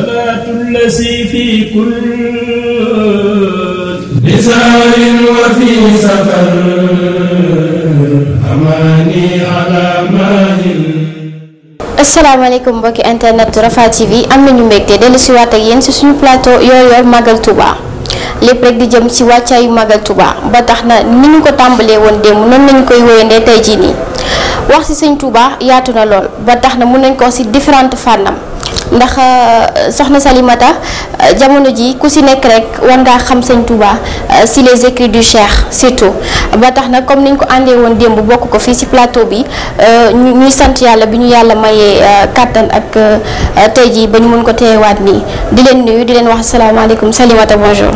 salaatu lazi fi kulli bisaarin wa fi safar amaani ala maahin asalaamaaleykum mbokki internet Rafah TV am nañu mbégte dellu si waat ak si suñu plateau Yoor Yoor Magal Touba lépp rek di jëm si wàccaayu Magal Touba ba tax na ni ñu ko tàmbalee woon démb noonu nañu koy wéyandee tey jii nii wax si sëñ Touba yaatu na lool ba tax na mën nañ ko wax si différentes fànnam ndax euh, soxna Salimata euh, jamono ji ku si nekk rek war ngaa xam sëñ Touba euh, si les écrits du Cheikh surtout ba tax na comme niñ ko àndee woon démb bokk ko fii si plateau bi ñu ñuy sant yàlla bi ñu yàlla mayee kàttan ak tey jii ba ñu mun ko teewaat nii di leen nuyu di leen wax asalaamaaleykum Salimata bonjour.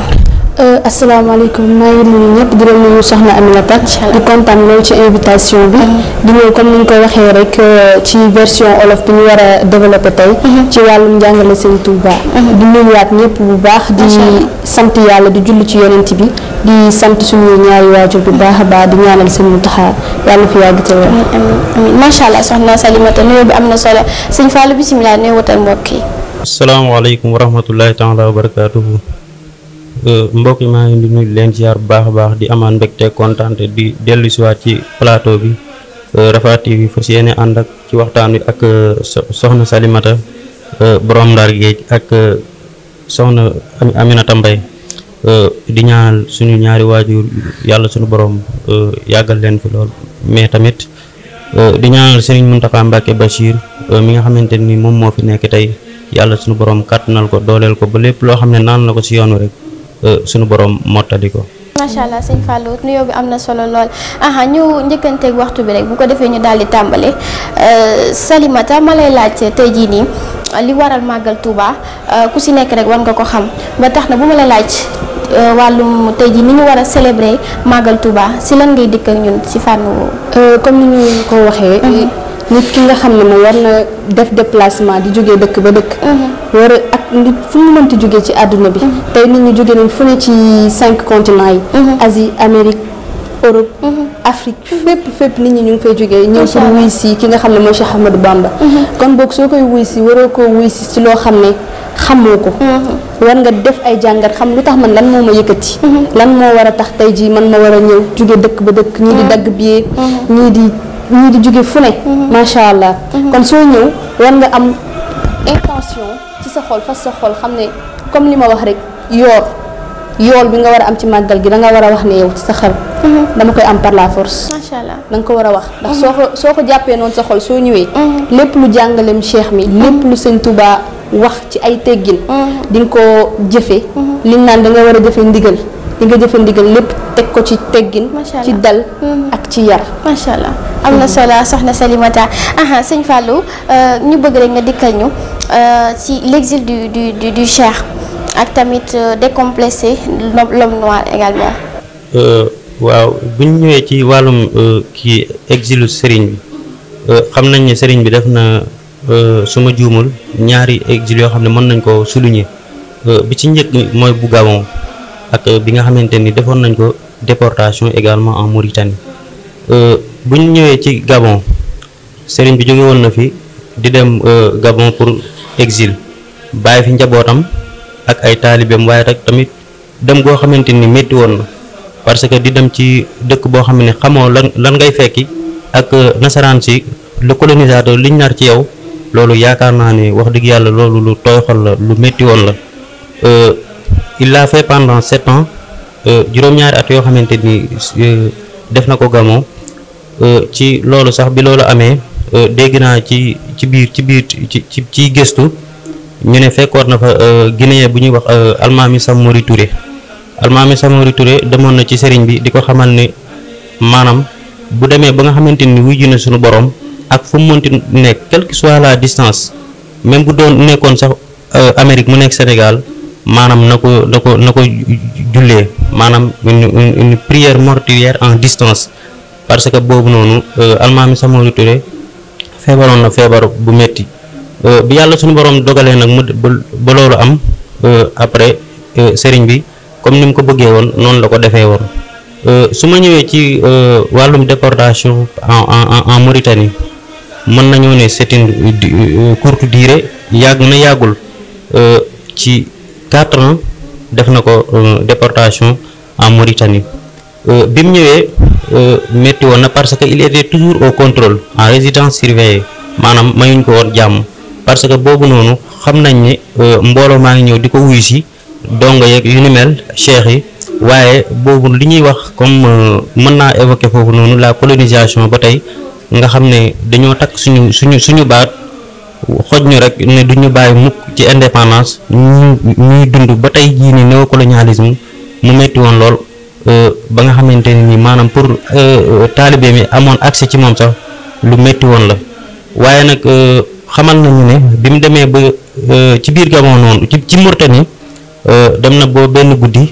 Euh, asalaamaaleykum maa ngi nuyu ñëpp di leen nuyu soxna Aminata di kontaan loolu ci invitation bi ah. di ñëw comme ni ñu ko waxee rek euh, ci version olof bi ñu war a développé tey ah. ci wàllum njàngale sëñ Touba ah. di nuyuwaat ñëpp bu baax di sant yàlla di julli ci yonent bi di sant suñu ñaari waajur bu baax a baax di ñaanal sëñ Mountakha yàlla fi yàgg te wér amiin macha allah soxna Salimata nuyoo bi am na solo sëñ Fallou bisimilah nuyu wutal mbokk yi asalaamaaleykum wa rahmatullahi taala wa barakatuhu Euh, mbokk maa ngi di nuyu leen ziar bu baax a baax di amaan mbégte kontaan di dellu si waat ci plateau bi euh, Rafah TV fas yéene ànd ak ci waxtaan wi ak euh, soxna Salimata borom Ndar Géej ak soxna Aminata mbay di ñaanal suñu ñaari waajur yàlla suñu borom yàggal leen fi lool mais tamit di ñaanal Serigne Mountakha Mbacké Bachir mi nga xamante ni moom moo fi nekk tey yàlla suñu borom kàttanal ko dooleel ko ba lépp loo xam ne naan la ko si yoonu rek. Euh, suñu borom mottali ko. macha allah sëñ Fallou nuyoo bi am na solo lool aha ñu njëkkanteeg waxtu bi rek bu ko defee ñu daal di tàmbale euh, Salimata ma lay laaj tey jii nii li waral màggal tubaa euh, ku si nekk rek war nga ko xam ba tax na bu ma la laaj wàllum tey jii ni ñu war a célébrer màggal tubaa si lan ngay dikk ak ñun si fànn. comme ni ñu ko waxee. Mhm. nit ki nga xam ne moom war na def déplacement di jógee dëkk ba dëkk. Mhm. war ak nit fu mu mënti jógee ci àdduna bi. Mhm. tey nit ñu jóge nañ fu ne ci cinq continents yi. Mhm. Asie amerique Europe Afrique fépp fépp nit ñi ñu ngi fay jógee ñëw pour wuy si ki nga xam ne mooy Cheikh Ahmadou Bamba kon boog soo koy wuy si waroo koo wuy si ci loo xam ne xamoo ko war nga def ay jàngat xam lu tax man lan moo ma yëkkati lan moo war a tax tey ji man ma war a ñëw jóge dëkk ba dëkk ñii di dagg billet ñii di ñii di jóge fu ne mhm. macha allah mhm. kon soo ñëw war nga am intention ci sa xol fas sa xol xam ne comme li ma wax rek yoor yool bi nga war a am ci màggal gi da nga war a wax ne yow ci sa xel mhm. dama koy am par la force macha allah da ko war a wax ndax soo ko soo ko jàppee noonu sa xol soo ñëwee lépp lu jàngaleem cheikh mi lépp lu sëñ Touba wax ci ay teggin di nga ko jëfe liñ naan danga war a jëfe ndigal li nga jëfe ndigal lépp teg ko ci teggin. ci dal mm-hmm. ak ci yar. macha allah am na solo mm-hmm. soxna Salimata aha sëñ Fallou euh, ñu bëgg rek nga dikkal ñu euh, ci l'exil du du du du ak tamit euh, décomplexé l'homme noir également. waaw bu ñu ñëwee ci wàllum kii exilu sëriñ bi xam nañ ni sëriñ bi def na suma juumul ñaari exil yoo xam ne mën nañ koo souligner bi ci njëkk mooy bu Gabon. ak euh, bi nga xamante ni defoon nañ ko déportation également en Mauritanie euh, bu ñu ñëwee ci Gabon sëriñ bi jóge woon na fi di dem euh, Gabon pour exil bàyyi fi njabootam ak ay taalibeem waaye rek tamit dem goo xamante ni métti woon na parce que di dem ci dëkk boo xam ne xamoo lan lan ngay fekki ak nasaraan si le colonisateur liñ nar ci yow loolu yaakaar naa ni wax dëgg yàlla loolu lu tooy xol la lu métti woon la. il l'a fait pendant sept ans euh, juróom-ñaari at yoo xamante ni euh, def na ko Gabon euh, ci loolu sax bi loolu amee dégg naa ci ci biir ci biir ci ci ci gëstu ñu ne fekkoon na fa Guinée bu ñuy wax Almami Samori Touré Almami Samori Touré demoon na ci sëriñ bi di ko xamal ni maanaam bu demee ba nga xamante ni wuyu na suñu borom ak fu mu mënti nekk quelle que soit la distance même bu doon nekkoon sax Amérique mu nekk Sénégal. maanaam na ko na ko na ko jullee maanaam une une prière mortuaire en distance parce que boobu noonu euh, almaami Samori Touré feebaroon na feebar bu metti euh, bi yàlla suñu borom dogalee nag mu ba loolu am euh, après sëriñ bi comme ni mu ko bëggee woon noonu la ko defee woon su ma ñëwee ci wàllum déportation en en Mauritanie mën nañoo ne c'est une courte yàgg na yàggul ci. quatre ans def na ko euh, déportation en Mauritanie euh, bi mu ñëwee euh, métti woon na parce que il était toujours au contrôle en résidence surveillée maanaam mayuñ ko woon jàmm parce que boobu noonu xam nañ ni mbooloo maa ngi ñëw di ko wuyusi si dongo yeeg yu ni mel cheikh yi waaye boobu li ñuy wax comme mën naa évoquer foofu noonu la polonisation ba tey nga xam ne dañoo takk suñu suñu suñu baat. xoj ñu rek ne du ñu bàyyi mukk ci indépendance ñu ñuy dund ba tey jii ni néocolonialisme mu metti woon lool euh, ba nga xamante ni maanaam pour euh, taalibe mi amoon accès ci moom sax lu metti woon la waaye nag euh, xamal nañu ne bi mu demee ba ci biir Gabon noonu ci ci Mauritanie dem na boo benn guddi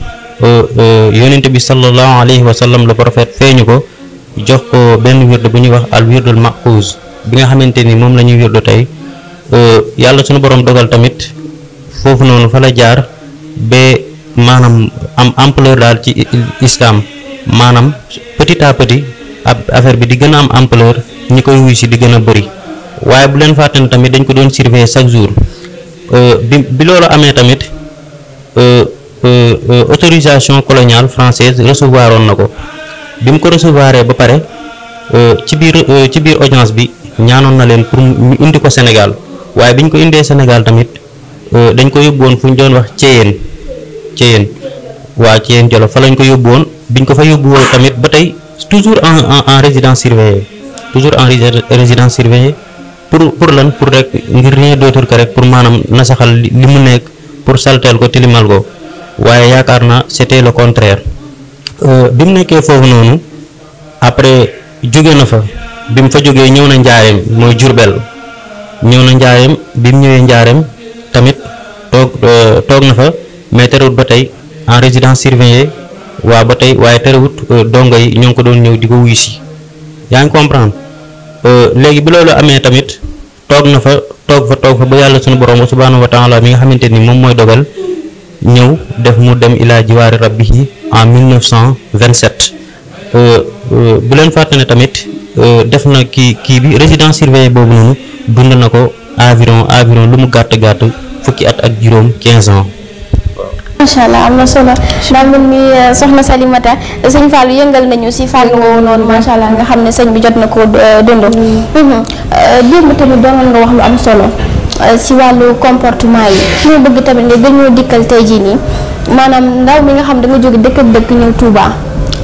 yonent bi sallallahu alayhi wa sallam le prophète feeñu ko jox ko benn wirde bu ñuy wax al wirdul maqouz bi nga xamante ni moom la ñuy wirdu tey Euh, yàlla suñu borom dogal tamit foofu noonu fa la jaar ba maanaam am ampleur daal ci islam maanaam petit à petit ab affaire bi di gën a am ampleur ñi koy wuy si di gën a bëri waaye bu leen fàttane tamit dañ ko doon surveiller chaque jour euh, bi bi loolu amee tamit euh, autorisation coloniale française recevoir oon na ko bi mu ko recevoir ba pare ci biir ci biir audience bi ñaanoon na leen pour mu indi ko Sénégal waaye biñ ko indee Sénégal tamit euh, dañ ko yóbbu woon fu ñu doon wax Ceyeen Ceyeen waa Ceyeen Jolof fa lañ ko yóbbu woon biñ ko fa yóbbu woon tamit ba tey toujours en en en résidence surveillée toujours en résidence surveillée pour pour lan pour rek ngir rien dootul que rek pour maanaam nasaxal li mu nekk pour salteel ko tilimal ko waaye yaakaar naa c'était le contraire euh, bi mu nekkee foofu noonu après jóge na fa bi mu fa jógee ñëw na njaareem mooy Jurbel ñëw na njaareem bi mu ñëwee njaareem tamit euh, toog na fa mais terewut ba tey en résidence surveillée waa ba tey waaye terewut euh, dongo yi ñoo ngi ko doon ñëw di ko wuyu si yaa ngi comprendre euh, léegi bu loolu amee tamit toog na fa toog fa toog fa ba yàlla suñu borom subaanu wa taala bi nga xamante ni moom mooy dogal ñëw def mu dem ilaa jiwaari rabbihi en 1927 bu leen fàtte ne tamit def na kii kii bi résidence surveillée boobu noonu. dund na ko environ environ lu mu gàtt gàtt fukki at ak juróom quinze ans. macha allah am na solo daa mel ni soxna Salimata sëñ Fallou yëngal nañu si fànn woowu noonu macha allah nga xam ne sëñ bi jot na ko eh, dund. Mm-hmm. Eh, démb tamit doonoon nga wax lu am solo eh, si wàllu comportement yi fi ma bëgg tamit nga gën ñoo dikkal tey jii nii maanaam ndaw mi nga xam da nga jóge dëkk dëkk ñëw Touba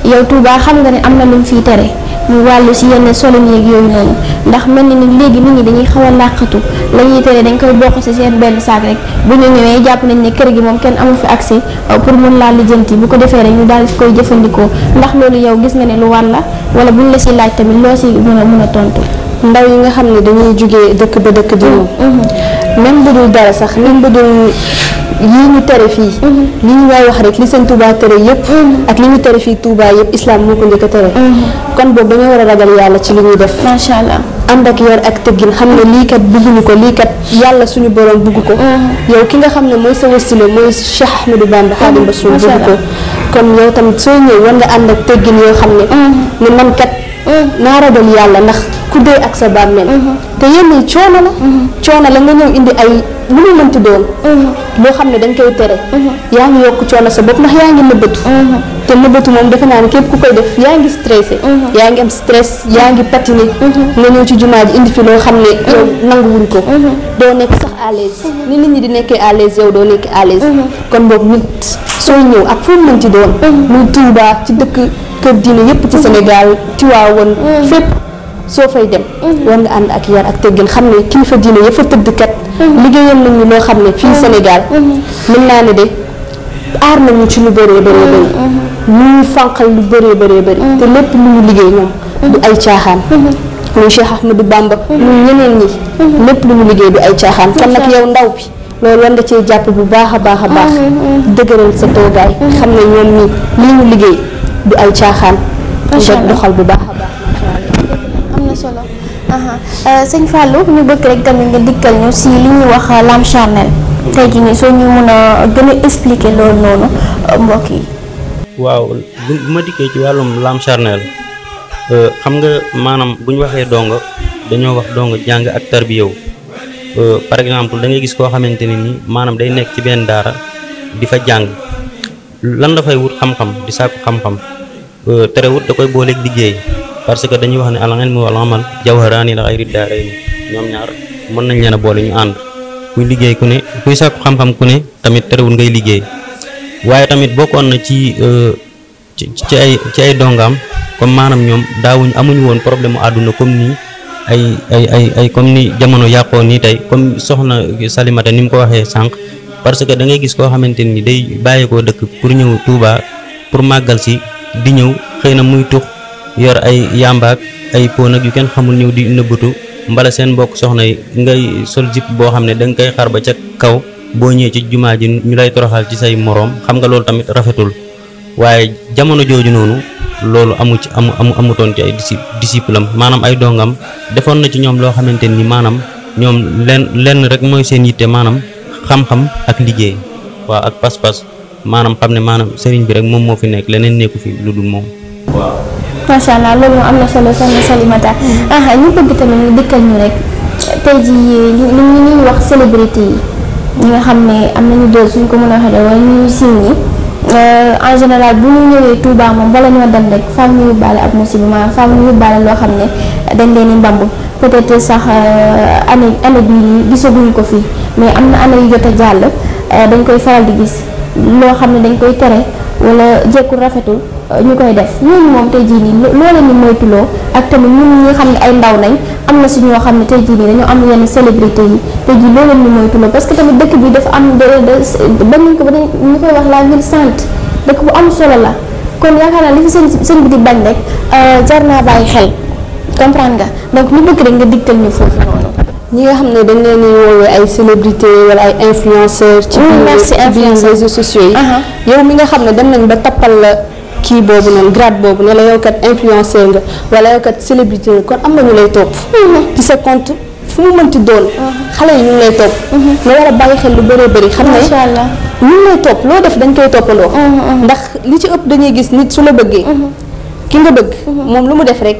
yow Touba xam nga ne am na lu mu tere. ñu wàllu si yenn solin yeeg yooyu noonu ndax mel na ni léegi nit ñi dañuy xaw a làqatu la ñuy tere dañ koy bokk si seen benn saak rek bu ñu ñëwee jàpp nañ ne kër gi moom kenn amul fi accès euh, pour mun laa lijjanti bu ko defee rek ñu daal di koy jëfandikoo ndax loolu yow gis nga ne lu war la bu buñ la si laaj tamit loo si mën a mën a tontu. ndaw yi nga xam ne dañuy jugee dëkk ba dëkk di ñëw. Mm-hmm. même ba dul dara sax même bu dul lii ñu tere fii. li ñu waay wax rek li seen Touba tere yëpp. ak li ñu tere fii Touba yëpp islam moo ko njëkk a tere. kon boobu dañoo war a ragal yàlla ci li ñuy def. macha allah ànd ak yor ak tëggin xam ne lii kat bëgguñu ko lii kat yàlla suñu borom bëgg ko. yow ki nga xam ne mooy sa wasila mooy Cheikh Ahmadou Bamba Xaadimu Rasuul bëgg ko. kon yow tamit soo ñëw war nga ànd ak tëggin yoo xam ne. ne man kat mm. naa ragal yàlla ndax. ku dee ak sa bàmmeel mhm. te yenn yi coono la mhm. coono la nga ñëw indi ay lu mu mënti doon mhm. loo xam ne dañ koy tere yaa ngi yokk coono sa bopp ndax yaa ngi nëbbatu te nëbbatu moom defe naa ne képp ku def yaa ngi stressé yaa ngi am yaa ngi patiné nga ñëw ci jumaa indi fi loo xam ne yow nanguwuñ ko doo nekk sax à l'aise ni nit ñi di nekkee à l'aise yow doo nekk à l'aise kon boobu nit sooy ñëw ak foo mënti doon muy Tuubaa ci dëkk kër diine yépp ci Sénégal Tiwaawan fépp soo fay dem. Mhm. war nga ànd ak yar ak teggin xam ne kilifa diine yëpp a tëdd kat. Mhm. liggéeyal nañu loo xam ne fii mhm. Sénégal. mën naa ne de aar nañu ci lu bëree bëree bëri. ñuy fànqal lu bëree bëree bëri. te lépp lu ñu liggéey ñoom. du ay caaxaan. muy Cheikh Ahmadou lu ñu liggéey du ay caaxaan. kon ndaw bi. loolu war nga cee jàpp bu baax a baax a baax. dëgëral sa toogaay. xam ne ñoom ñi li ñu liggéey du ay caaxaan. doxal bu baax a baax. solo euh, sëñ Fallou ñu bëgg rek tamit nga dikkal ñu si li ñuy wax euh, l'âme charnelle tey jii nii soo ñu mën a gën a expliquer loolu noonu euh, mbokk yi. waaw bu ma dikkee ci wàllum l'âme charnelle xam nga maanaam bu ñu waxee dongo dañoo wax dongo jàng ak tarbiyaw par exemple da gis koo xamante ne nii maanaam day nekk ci benn daara di fa jàng lan la fay wut xam-xam di sàkku xam-xam terewut da koy booleeg liggéey. parce que dañuy wax ne al ilmu wal amal jawharaani la xayri daarayni ñoom ñaar mën nañ leen a boole ñu ànd kuy liggéey ku ne kuy sàkku xam-xam ku ne tamit terewul ngay liggéey waaye tamit bokkoon na ci euh, ci ay ci ay dongaam comme maanaam ñoom daawuñ amuñu woon problème mu àdduna comme nii ay ay ay ay comme ni jamono yàqoo nii tey comme soxna Salimata ni mu ko waxee sànq parce que da ngay gis koo xamante ni day bàyyeekoo dëkk pour ñëw Touba pour màggal si di ñëw yor ay yàmbaak ay pon ak yu kenn xamul ñëw di nëbbatu mbala seen mbokk soxna yi ngay sol jip boo xam ne da nga koy xar ba ca kaw boo ñëwee ci jumaa ji ñu lay toroxal ci say moroom xam nga loolu tamit rafetul waaye jamono jooju noonu loolu amu ci amu amu amutoon ci ay disciple am maanaam ay dongam defoon na ci ñoom loo xamante ni maanaam ñoom lenn lenn rek mooy seen yitte maanaam xam-xam ak liggéey waaw ak pas-pas maanaam xam ne maanaam sëriñ bi rek moom moo fi nekk leneen nekku fi lu dul moom macha allah loolu moom am na solo soxna Salimata. Mm. ah ñu bëgg tamit ñu dëkkal ñu rek tey jii li ñu ñuy wax suñ ko mën a waxee wala ñu siiw ñi euh, en général bu ñu ñëwee Touba moom bala ñoo dem rek faaw ñu yóbbaale ab musiba maanaam faaw ñu yóbbaale loo xam ne dañ leen di mbamb peut-être sax euh, année ko fii mais am na année yu jot a jàll euh, dañ koy faral di gis loo xam ne dañ koy tere wala jekkul rafetul. Euh, ñu koy def ñooñu moom tey jii nii loo leen di ak tamit ñun ñi xam ne ay ndaw nañ am na si ñoo xam ne tey jii nii dañoo am yenn célébrité yi tey jii loo leen di moytuloo parce que tamit dëkk bi dafa am de de la ville sainte dëkk bu am solo la kon yaakaar naa li fi seen seen bi di bañ rek euh, jar naa bàyyi xel comprendre nga donc lu bëgg rek nga digtal ñu foofu noonu. ñi nga xam ne dañ leen di woowee ay célébrité wala ay influenceurs. ci mm, biir réseaux sociaux yi. yow mi nga xam ne dem nañ ba tappal la. kii boobu noonu grade boobu ne la yow nga wala yow célébrité kon am na ñu lay topp. Mhm. ci sa compte fu mu mënti doon. Mhm. xale yi ñu ngi lay topp. Mhm. nga war a bàyyi xel lu bare bëri. xam ne macha allah ñu ngi lay topp loo def dañ koy toppandoo. ndax li ci ëpp dañuy gis nit su la bëggee. ki nga bëgg. moom lu mu def rek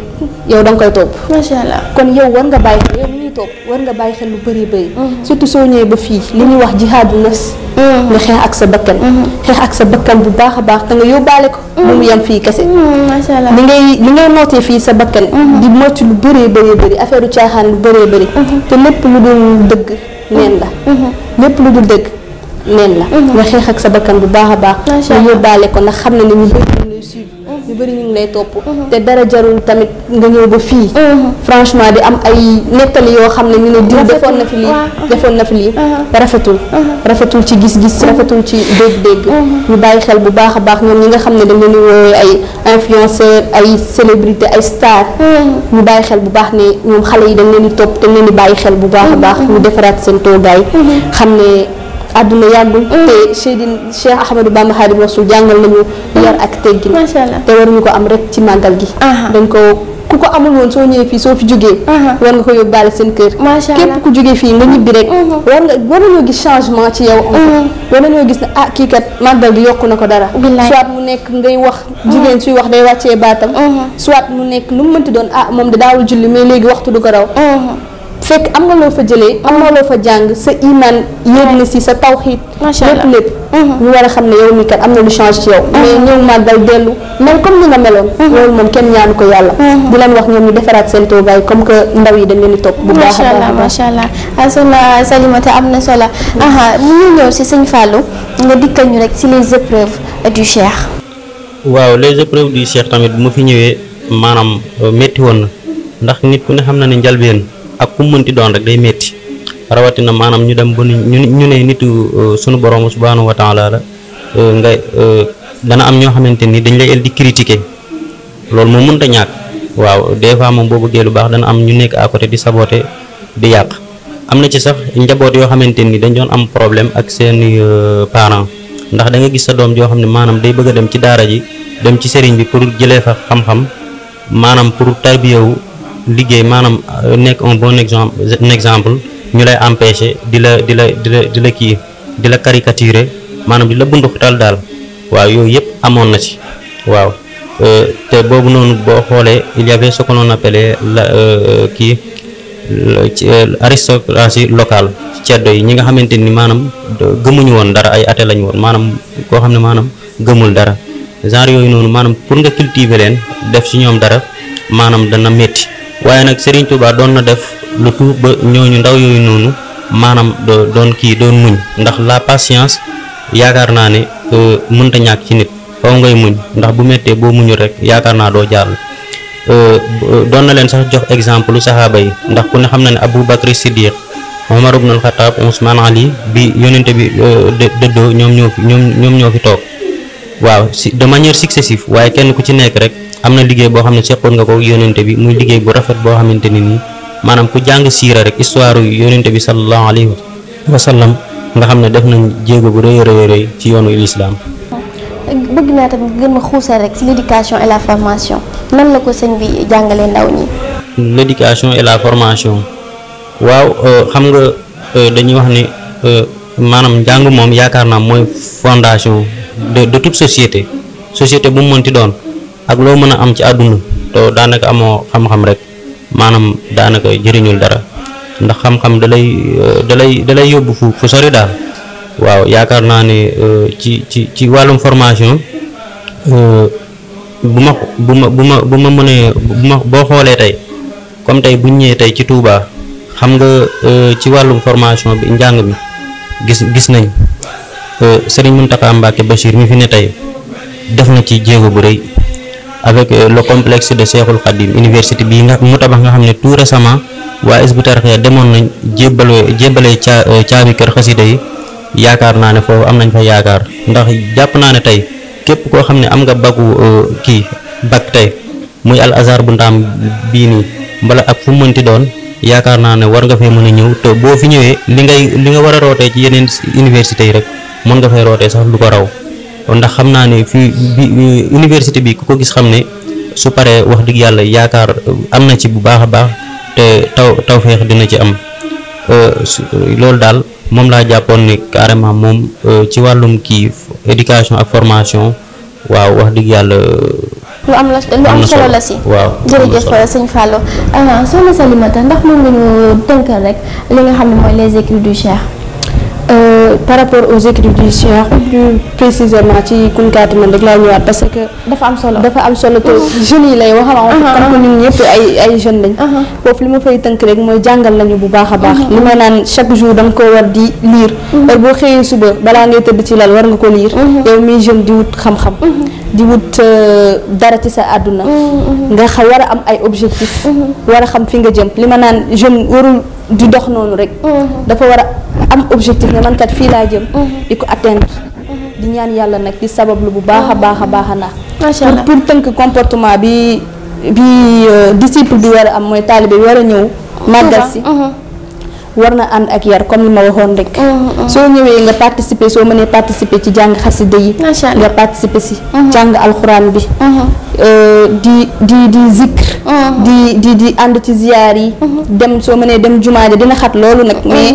yow da koy topp. macha allah kon yow war nga bàyyi xel toog war nga bàyyi xel lu bëri bëri. Mhm. surtout soo ñëwee ba fii li ñuy wax jihaadu nafs. Mhm. nga xeex ak sa bakkan. Mhm. xeex ak sa bakkan bu baax a baax te nga yóbbaale ko. bu mu yem fii kese. macha allah li ngay li ngay nootee fii sa bakkan. di moytu lu bëree bëri bëri affaire u caaxaan lu bëree bëri. te lépp lu dul dëgg neen la. lépp lu dul dëgg neen la. nga xeex ak sa bakkan bu baax a baax. nga yóbbaale ko ndax xam na ni ñu bëri ñu suivre. ñu bëri ñu lay topp mhm. te dara jarul tamit nga ñëw ba fii mhm. franchement di am ay nettali yoo xam ne ñu ne diw defoon na fi lii defoon na fi mhm. rafetul rafetul ci gis-gis rafetul ci dégg-dégg ñu bàyyi xel bu baax a baax ñoom ñi nga xam ne dañ leen di woowee ay influenceur ay célébrité ay star ñu bàyyi xel bu baax ne ñoom xale yi dañ leen di topp dañ leen di bàyyi xel bu baax a baax ñu defaraat seen toogaay xam ne àdduna yàggul. Mm. te Seydina Cheikh Ahmadou Bamba Xaadimu Rasuul jàngal nañu yar ak teggin. macha allah te waruñu ko am rek ci màggal gi. dañ ko ku ko amul woon soo ñëwee fii soo fi jógee. war nga ko yóbbaale seen kër. macha allah képp ku jógee fii nga ñibbi rek. Mm-hmm. war nga war nañoo gis changement ci yow. Mm-hmm. war nañoo gis ne ah kii kat màggal gi yokk na ko dara. soit mu nekk ngay wax. Mm-hmm. jigéen suy wax day wàccee baatam. soit mu nekk lu mu mënti doon ah moom da daawul julli mais léegi waxtu du ko raw. fekk am na loo fa jëlee am na mhm. loo fa jàng sa iman yéeg na si sa tawxiit lépp lépp mhm. xam ne yow am na lu change ci yow mhm. mais ñëw màggal dellu mel comme ni nga ko yàlla di leen wax ñoom ñu defaraat seen toogaay comme que ndaw yi dañ leen di topp bu macha allah asona ah, Salimata am na solo aha mu ñu ñëw si sëñ Fallou nga dikkal ñu rek waaw les épreuves bu ma fi ñëwee maanaam euh, métti woon na ndax nit ku ne xam na ne njalbeen ak ku mënti doon rek day metti rawatina maanaam ñu dem bu ba ñu ne nitu uh, sunu borom subhanahu wa taala la uh, nga uh, dana am ñoo xamante ni dañ lay el di critiquer loolu moom mënta ñàkk waaw des fois moom boo bëggee lu baax dana am ñu nekk à côté di saboter di yàq am na ci sax njaboot yoo xamante ni dañ doon am problème ak seeni parents ndax da nga gis sa doom joo xam ne maanaam day bëgg a dem ci daara ji dem ci sëriñ bi pour jëlee fa xam-xam maanaam pour tarbiyewu liggéey maanaam euh, nekk un bon exemple exemple ñu lay empêcher di la di la di la di la kii di la caricaturer maanaam di la bunduxutal daal waaw yooyu yëpp amoon na ci waaw euh, te boobu noonu boo xoolee il y avait ce que l'on appelait la euh, kii aristocratie locale ceddo yi ñi nga xamante ni maanaam gëmuñu woon dara ay athée lañu woon maanaam koo xam ne maanaam gëmul dara genre yooyu noonu maanaam pour nga cultiver leen def ci ñoom dara maanaam dana métti waaye nag Serigne Touba doon na def lu tuut ba ñooñu ndaw yooyu noonu maanaam doon kii doon muñ ndax la patience yaakaar naa ne euh, mënta ñàkk ci nit faw ngay muñ ndax bu méttee boo muñul rek yaakaar naa doo jàll euh, doon na leen sax jox exemple saxaaba yi ndax ku ne xam na ne Abu Bakri Siddiq Omar ibn al-Khattab Ousmane Ali bi yonente bi euh, dëddoo ñoom ñoo fi ñoom ñoom ñoo fi toog waaw si de manière successive waaye kenn ku ci nekk rek am na liggéey boo xam ne seqoon nga ko yónnente bi muy liggéey bu rafet boo xamante ne nii maanaam ku jàng siira rek histoire yu yónnente bi sallallahu alayhi wa sallam nga xam ne def nañ jéego bu rëy rëy ci yoonu lislaam bëgg et la formation nan la ko sëñ ñi. la formation waaw euh, xam nga euh, dañuy wax ne euh, maanaam njàng moom yaakaar naa mooy fondation. de de toute société société bu mu mënti doon ak loo mën a am ci àdduna te daanaka amoo xam-xam rek maanaam daanaka jëriñul dara ndax xam-xam da euh, dalay dalay yóbbu fu sori daal waaw yaakaar naa ne euh, ci ci ci wàllum formation euh, bu ma bu ma bu ma bu ma mënee bu boo xoolee tey comme tey bu ñëwee tey ci Touba xam nga ci wàllum formation bi njàng bi gis gis nañ Euh, Serigne Mountakha Mbacké Bachir mi fi ne tey def na ci jéego bu rëy avec euh, le complexe de Cheikhoul Khadim université bii nga mu tabax nga xam ne tout récemment waa Hizbut Tarqiyyah demoon nañ jébbale jébbale caa euh, caabi kër xasida yi yaakaar naa ne foofu am nañ fa yaakaar ndax jàpp naa ne tey képp koo xam ne am nga bagu kii bag tey muy al azar bu ndaam bii nii mbala ak fu mënti doon yaakaar naa ne war nga fee mën a ñëw te boo fi ñëwee li ngay li nga war a rootee ci yeneen université yi rek mën nga fay rootee sax lu ko raw ndax xam naa ni fii bi université bi ku ko gis xam ne su paree wax dëgg yàlla yaakaar euh, am na ci bu baax a baax te taw tawféex dina ci am euh, loolu daal moom laa jàppoon ne carrément moom euh, ci wàllum kii éducation ak formation waaw wax dëgg yàlla. lu am la solo la si. waaw jërëjëf sëñ Fallou. ndax mën nga ñu tënkal rek li nga xam ne mooy les écrits du Cheikh. par rapport aux écrits du Cheikh plus précisément ci kunkaati man rek laa ñëwaat parce que. dafa am solo dafa am solo te uh-huh. jeunes yi lay waxal. xam nga ñun ñëpp ay ay jeunes lañ. Uh-huh. foofu li ma fay tënk rek mooy jàngal nañu bu baax a baax. Uh-huh. li ma naan chaque jour da nga koo war di lire. heure boo xëyee suba balaa ngay tëdd ci lal war nga ko lire. yow miy jeune di wut xam-xam. di wut euh, dara ci sa àdduna. nga xam war a am ay objectifs. war a xam fi nga jëm li ma naan di dox noonu rek. Mm-hmm. dafa war a am objectif ne man kat fii laa jëm. Mm-hmm. di ko atteindre. Mm-hmm. di ñaan yàlla nag di sabablu bu baax a baax a baax a naax. macha pour tënk comportement bi bi euh, disciple bi war a am mooy taalibe bi war a ñëw. màggal si. war na ànd ak yar comme li ma waxoon rek. Mm, mm. soo ñëwee nga participer soo mënee participer ci jàng xasida yi. macha allah nga participer si. Mm-hmm. jàng alxuraan bi. Mm-hmm. Euh, di di di zikr. Mm-hmm. di di di ànd ci ziyaar yi. dem soo mënee dem jumaa ja dina xat loolu nag mais.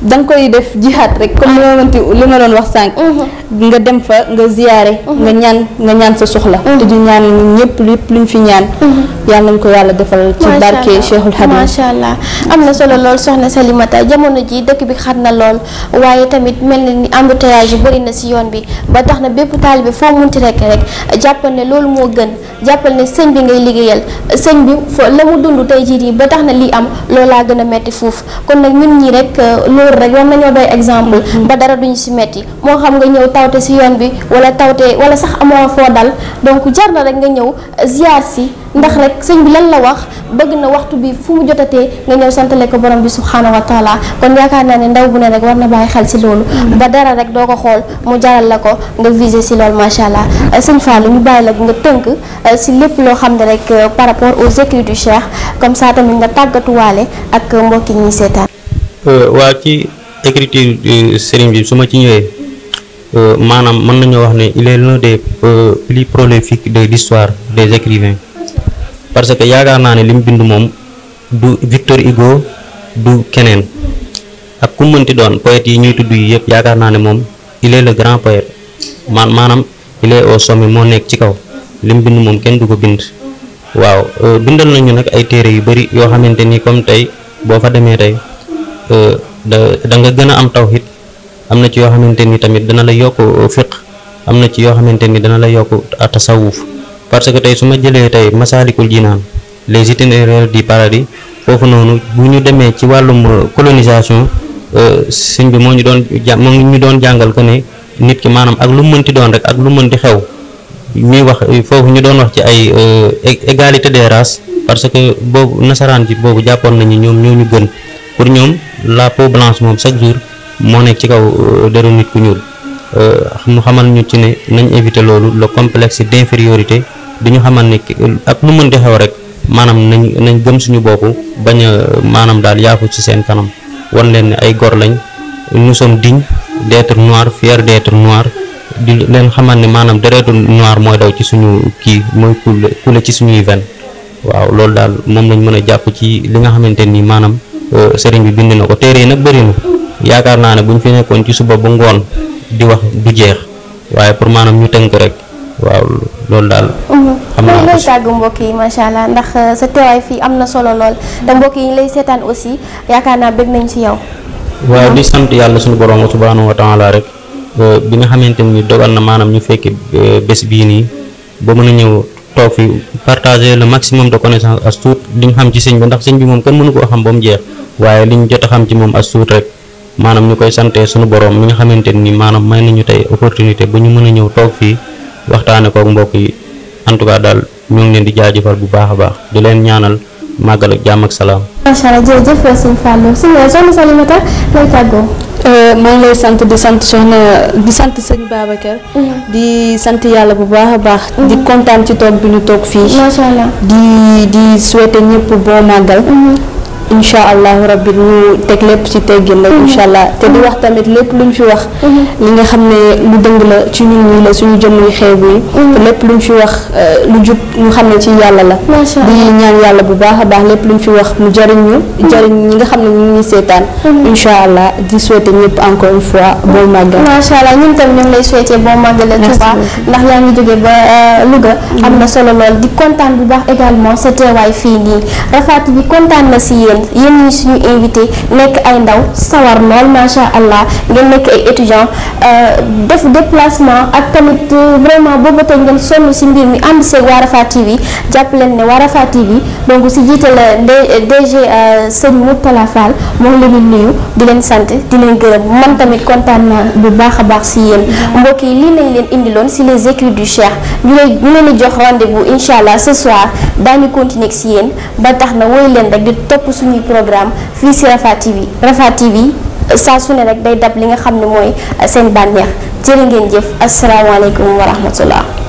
da koy def jihaat rek comme li ma mënti ah. li ma wax sànq. nga dem fa nga ziyaare. nga ñaan nga ñaan sa soxla. te di ñaan ñëpp lépp luñ fi ñaan. yàlla nañ ko yàlla defal ci barke Cheikhul Khadim macha allah am na solo lool soxna Salimata jamono ji dëkk bi xat na lool waaye tamit mel na ni embouteillage yi bëri na si yoon bi ba tax na bépp taalibe foo munti rek rek jàppal ne loolu moo gën jàppal ne sëñ bi ngay liggéeyal sëñ bi fo la mu tey jii nii ba tax na lii am loolaa gën a metti foofu kon nag ñun ñi rek euh, loolu rek war nañoo doy exemple mm-hmm. ba dara duñu si metti moo xam nga ñëw tawte si yoon bi wala tawte wala sax amoo foo dal donc jar na rek nga ñëw ziar si ndax rek sëñ bi lan la wax bëgg na waxtu bi fu mu jotatee nga ñëw santale ko borom bi subhaana wa taala kon yaakaar naa ne ndaw bu ne rek war na bàyyi xel si loolu mm-hmm. ba dara rek doo ko xool mu jaral la ko nga visé si loolu macha allah euh, sëñ Fallou ñu bàyyi la nga tënk si euh, lépp loo xam ne rek euh, par rapport aux écrits du Cheikh comme ça tamit nga tàggatuwaale ak mbokki ñi seetaan waaw ci écriture sëriñ bi su ma ci ñëwee maanaam mën nañoo wax ne il est l'un des plus de l'histoire des écrivains parce que yaakaar naa ne li mu bind moom du Victor Hugo du keneen ak ku mënti doon poète yi ñuy tudd yi yëpp yaakaar naa ne moom il le grand poète man maanaam il est au moo nekk ci kaw li bind moom kenn du ko bind waaw euh, bindal nañu nag ay téere yu bari yoo xamante ni comme tey boo fa demee tey euh, da da nga gën a am tawhid am na ci yoo xamante ni tamit dana la yokk fiq am na ci yoo xamante ni dana la yokk tasawuf parce que tey su ma jëlee tey Masaalikul Jinaan les itinéraires du paradis foofu noonu bu ñu demee ci wàllum colonisation euh, sëñ bi moo ñu doon ja moo ñu doon jàngal ko ne nit ki maanaam ak lu mënti doon rek ak lu mënti xew ñuy wax foofu ñu doon wax ci ay euh, égalité des races parce que boobu nasaraan ji boobu jàppoon nañu ñoom ñoo ñu gën pour ñoom la peau blanche moom chaque jour moo nekk ci kaw euh, deru nit ku ñuul mu xamal ñu ci ne nañ éviter loolu le complexe d'infériorité di ñu xamal ne ak lu mën di xew rek maanaam nañ nañ gëm suñu bopp bañ maanam daal yaaku ci seen kanam wan leen ne ay gor lañ nous sommes dignes d'être noirs fiers d'être noirs di leen xamal ne maanaam deretu noir mooy daw ci suñu kii mooy kule kule ci suñuy ven waaw loolu daal moom lañ mën a jàpp ci li nga xamante nii maanaam euh, sëriñ bi bind na ko téere yi nag bëri na yaakaar naa ne buñ fi nekkoon ci suba ba ngoon di wax du jeex waaye pour maanaam ñu tënk rek waaw loolu daal. xam naa lay tàgg mbokk yi macha allah ndax euh, sa teewaay fii am na solo lool te mbokk yi lay seetaan aussi yaakaar naa bëgg nañ ci yow. waaw di sant yàlla sunu borom subhaanahu wa taala rek euh, bi nga xamante ni dogal na maanaam ñu fekke euh, bés bii nii ba mën a ñëw toog fi partager le maximum de connaissance as tuut li nga xam ci sëñ bi ndax sëñ bi moom kenn mënu koo xam ba mu waaye li ñu jot a ci moom as tuut maanaam ñu koy sante suñu borom mi nga xamante ni maanaam may nañu tey opportunité ba ñu mën a ñëw toog fii waxtaane kook mbokk yi en tout cas daal ñu ngi leen di jaajëfal bu baax a baax di leen ñaanal màggal ak jàmm ak salaam. macha allah jërëjëf sëñ Fallou si soxna Salimata lay tàggoo. Euh, maa lay sant di sant soxna di sant sëñ Babacar. Mm. di sant yàlla bu baax a baax. Mm. di kontaan ci toog bi ñu toog fii. macha di di souhaiter ñëpp boo màggal. Mm-hmm. incha allahu rabbi ñu teg lépp ci teggin la incha mhm. allah te di wax tamit lépp luñ fi wax mhm. li nga xam ne lu dëng la ci ñun ñi la suñu jëm yu xeebu yi mhm. lépp luñ fi wax eh, lu jub ñu xam ne ci yàlla la di yàlla bu baax a baax lépp luñ fi wax mu jëriñ ñu jëriñ ñi nga xam ne ñu ngi seetaan incha allah di souhaiter ñëpp encore une fois boo màggal macha allah ñun tamit ñu ngi lay souhaiter boo màggale Touba ndax yaa ngi jóge ba eh, Louga am na solo lool di kontaan bu baax également sa teewaay fii nii rafaati bi kontaan na si jeunes yéen ñi suñu invité nekk ay ndaw sawar lool macha allah ngeen nekk ay étudiants euh, def déplacement ak tamit euh, vraiment boobu ngeen sonn si mbir mi ànd seeg Waarafa TV jàpp leen ne Waarafa TV donc si jiital DG euh, sëñ Moutala Fall moom la ñu nuyu di leen sant di leen gërëm man tamit kontaan naa bu baax a baax si yéen mbokk yi lii lañ leen indiloon si les écrits du Cheikh ñu lay leen jox rendez-vous incha allah ce soir daañu continuer si yéen ba tax na woy leen suñuy programme fii si Rafah TV Rafah TV saa su ne rek day dab li nga xam ne mooy seen bànneex jërë ngeen jëf asalaamaaleykum wa rahmatullah